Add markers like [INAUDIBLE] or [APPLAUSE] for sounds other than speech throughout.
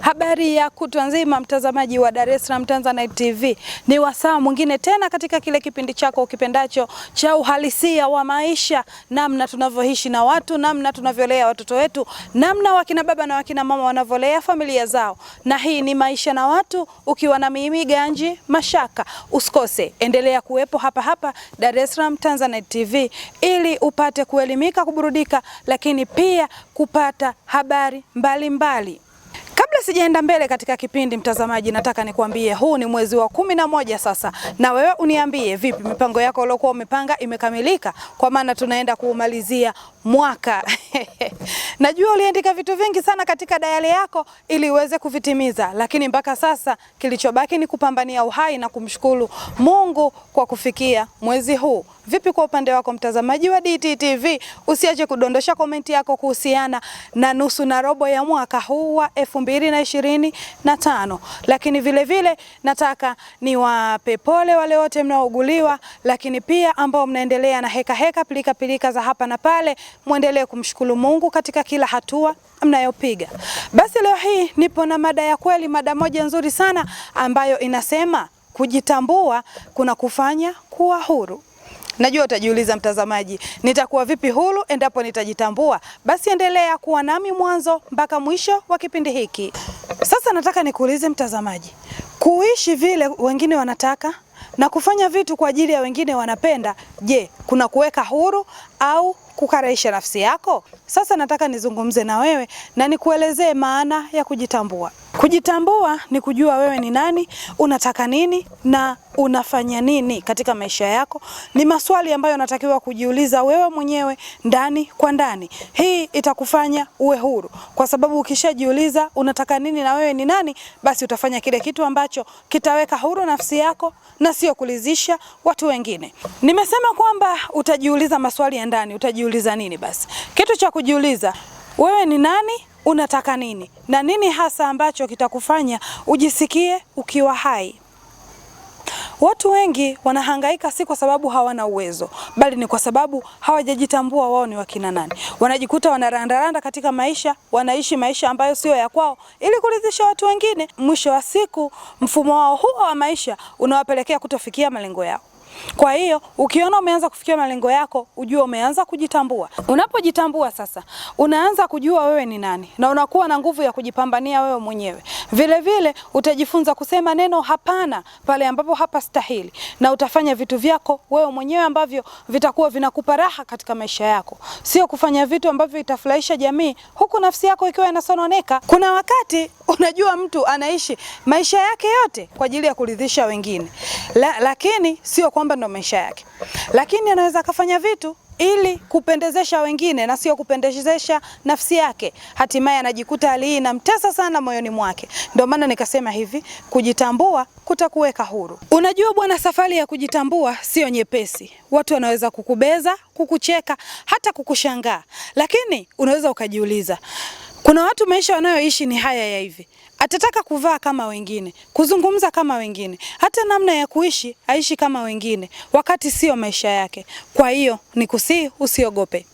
Habari ya kutwa nzima mtazamaji wa Dar es Salaam Tanzanite TV, ni wasaa mwingine tena katika kile kipindi chako ukipendacho cha uhalisia wa maisha, namna tunavyoishi na watu, namna tunavyolea watoto wetu, namna wakina baba na wakina mama wanavyolea familia zao. Na hii ni Maisha na Watu, ukiwa na mimi Ganji Mashaka. Usikose, endelea kuwepo hapa hapa Dar es Salaam Tanzanite TV ili upate kuelimika, kuburudika, lakini pia kupata habari mbalimbali mbali sijaenda mbele katika kipindi, mtazamaji, nataka nikuambie huu ni mwezi wa kumi na moja sasa, na wewe uniambie vipi, mipango yako uliokuwa umepanga imekamilika? Kwa maana tunaenda kuumalizia mwaka [LAUGHS] najua uliandika vitu vingi sana katika dayali yako ili uweze kuvitimiza, lakini mpaka sasa kilichobaki ni kupambania uhai na kumshukuru Mungu kwa kufikia mwezi huu. Vipi kwa upande wako mtazamaji wa DTTV? Usiache kudondosha komenti yako kuhusiana na nusu na robo ya mwaka huu wa 2025. lakini vile vile, nataka niwape pole wale wote mnaouguliwa, lakini pia ambao mnaendelea na heka heka pilika pilika za hapa na pale mwendelee kumshukuru Mungu katika kila hatua mnayopiga. Basi leo hii nipo na mada ya kweli, mada moja nzuri sana ambayo inasema kujitambua kuna kufanya kuwa huru. Najua utajiuliza mtazamaji, nitakuwa vipi huru endapo nitajitambua? Basi endelea kuwa nami mwanzo mpaka mwisho wa kipindi hiki. Sasa nataka nikuulize mtazamaji, kuishi vile wengine wanataka na kufanya vitu kwa ajili ya wengine wanapenda, je, kuna kuweka huru au kukaraisha nafsi yako. Sasa nataka nizungumze na wewe na nikuelezee maana ya kujitambua. Kujitambua ni kujua wewe ni nani, unataka nini na unafanya nini katika maisha yako. Ni maswali ambayo unatakiwa kujiuliza wewe mwenyewe ndani kwa ndani. Hii itakufanya uwe huru, kwa sababu ukishajiuliza unataka nini na wewe ni nani, basi utafanya kile kitu ambacho kitaweka huru nafsi yako na sio kulizisha watu wengine. Nimesema kwamba utajiuliza maswali ya ndani. Utajiuliza nini? Basi kitu cha kujiuliza, wewe ni nani unataka nini na nini hasa ambacho kitakufanya ujisikie ukiwa hai. Watu wengi wanahangaika si kwa sababu hawana uwezo, bali ni kwa sababu hawajajitambua wao ni wakina nani. Wanajikuta wanarandaranda katika maisha, wanaishi maisha ambayo sio ya kwao ili kuridhisha watu wengine. Mwisho wa siku, mfumo wao huo wa maisha unawapelekea kutofikia malengo yao. Kwa hiyo ukiona umeanza kufikia malengo yako, ujue umeanza kujitambua. Unapojitambua sasa, unaanza kujua wewe ni nani na unakuwa na nguvu ya kujipambania wewe mwenyewe. Vile vile utajifunza kusema neno hapana pale ambapo hapa stahili, na utafanya vitu vyako wewe mwenyewe ambavyo vitakuwa vinakupa raha katika maisha yako, sio kufanya vitu ambavyo itafurahisha jamii huku nafsi yako ikiwa inasononeka. Kuna wakati unajua mtu anaishi maisha yake yote kwa ajili ya kuridhisha wengine la, lakini sio kwa kwamba ndo maisha yake, lakini anaweza akafanya vitu ili kupendezesha wengine na sio kupendezesha nafsi yake. Hatimaye anajikuta hali hii inamtesa sana moyoni mwake. Ndio maana nikasema hivi, kujitambua kutakuweka huru. Unajua bwana, safari ya kujitambua sio nyepesi. Watu wanaweza kukubeza, kukucheka, hata kukushangaa, lakini unaweza ukajiuliza, kuna watu maisha wanayoishi ni haya ya hivi atataka kuvaa kama wengine, kuzungumza kama wengine, hata namna ya kuishi aishi kama wengine, wakati sio maisha yake. Kwa hiyo kusii, usiogope.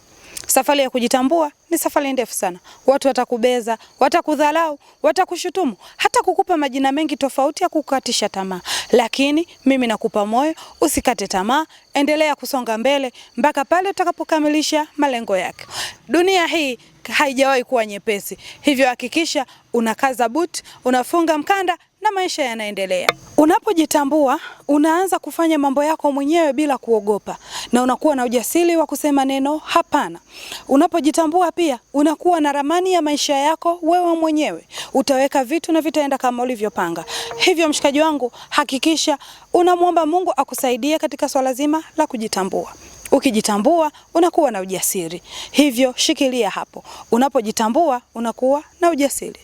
Safari ya kujitambua ni safari ndefu sana. Watu watakubeza, watakudhalau, watakushutumu, hata kukupa majina mengi tofauti ya kukatisha tamaa, lakini mimi nakupa moyo, usikate tamaa, endelea kusonga mbele mpaka pale utakapokamilisha malengo yako. Dunia hii haijawahi kuwa nyepesi, hivyo hakikisha unakaza buti, unafunga mkanda na maisha yanaendelea. Unapojitambua unaanza kufanya mambo yako mwenyewe bila kuogopa, na unakuwa na ujasiri wa kusema neno hapana. Unapojitambua pia unakuwa na ramani ya maisha yako wewe mwenyewe, utaweka vitu na vitaenda kama ulivyopanga. Hivyo mshikaji wangu, hakikisha unamwomba Mungu akusaidie katika swala zima la kujitambua. Ukijitambua unakuwa na ujasiri, hivyo shikilia hapo. Unapojitambua unakuwa na ujasiri.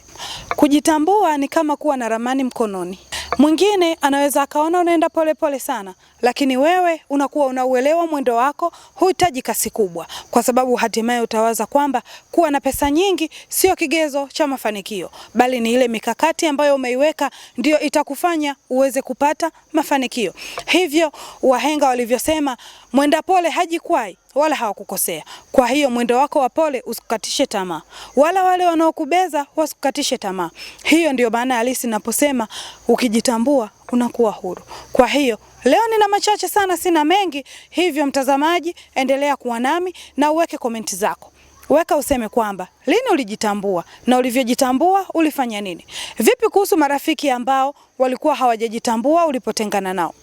Kujitambua ni kama kuwa na ramani mkononi. Mwingine anaweza akaona unaenda polepole pole sana, lakini wewe unakuwa unauelewa mwendo wako, huhitaji kasi kubwa, kwa sababu hatimaye utawaza kwamba kuwa na pesa nyingi sio kigezo cha mafanikio, bali ni ile mikakati ambayo umeiweka ndiyo itakufanya uweze kupata mafanikio. Hivyo wahenga walivyosema, Mwenda pole hajikwai wala hawakukosea. Kwa hiyo mwendo wako wa pole usikukatishe tamaa, wala wale wanaokubeza wasikukatishe tamaa. Hiyo ndio maana halisi naposema ukijitambua unakuwa huru. Kwa hiyo leo nina machache sana, sina mengi, hivyo mtazamaji, endelea kuwa nami na uweke komenti zako, weka useme kwamba Lini ulijitambua? Na ulivyojitambua ulifanya nini? Vipi kuhusu marafiki ambao walikuwa hawajajitambua ulipotengana nao?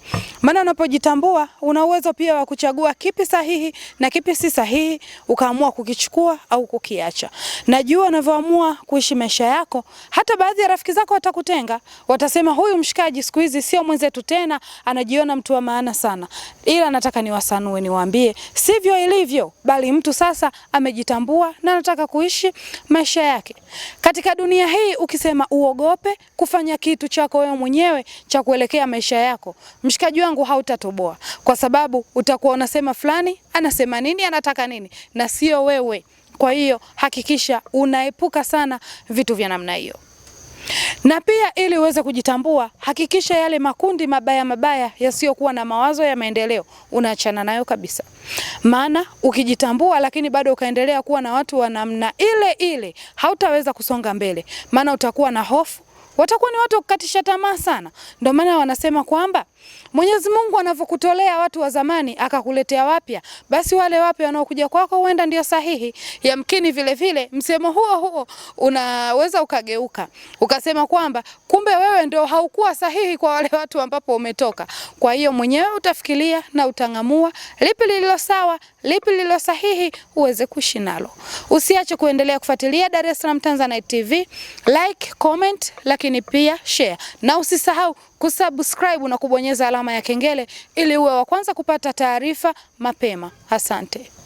Maana unapojitambua una uwezo pia wa kuchagua kipi sahihi na kipi si sahihi, ukaamua kukichukua au kukiacha. Najua unavyoamua kuishi maisha yako, hata baadhi ya rafiki zako watakutenga, watasema huyu mshikaji siku hizi sio mwenzetu tena, anajiona mtu wa maana sana. Ila nataka niwasanue, niwaambie sivyo ilivyo, bali mtu sasa amejitambua na anataka kuishi kuishi maisha yake. Katika dunia hii ukisema uogope kufanya kitu chako wewe mwenyewe cha kuelekea maisha yako, mshikaji wangu, hautatoboa kwa sababu utakuwa unasema fulani anasema nini, anataka nini, na sio wewe. Kwa hiyo hakikisha unaepuka sana vitu vya namna hiyo. Na pia ili uweze kujitambua, hakikisha yale makundi mabaya mabaya yasiyokuwa na mawazo ya maendeleo unaachana nayo kabisa. Maana ukijitambua lakini bado ukaendelea kuwa na watu wa namna ile ile, hautaweza kusonga mbele, maana utakuwa na hofu watakuwa ni watu wa kukatisha tamaa sana. Ndio maana wanasema kwamba Mwenyezi Mungu anavyokutolea watu wa zamani akakuletea wapya, basi wale wapya wanaokuja kwako huenda ndio sahihi. Yamkini vile vile msemo huo huo unaweza ukageuka ukasema kwamba kumbe wewe ndio haukuwa sahihi kwa wale watu ambapo umetoka. Kwa hiyo mwenyewe utafikiria na utang'amua lipi lililo sawa, lipi lililo sahihi uweze kuishi nalo. Usiache kuendelea kufuatilia Dar es Salaam Tanzanite TV, like, comment, like lakini pia share, na usisahau kusubscribe na kubonyeza alama ya kengele ili uwe wa kwanza kupata taarifa mapema. Asante.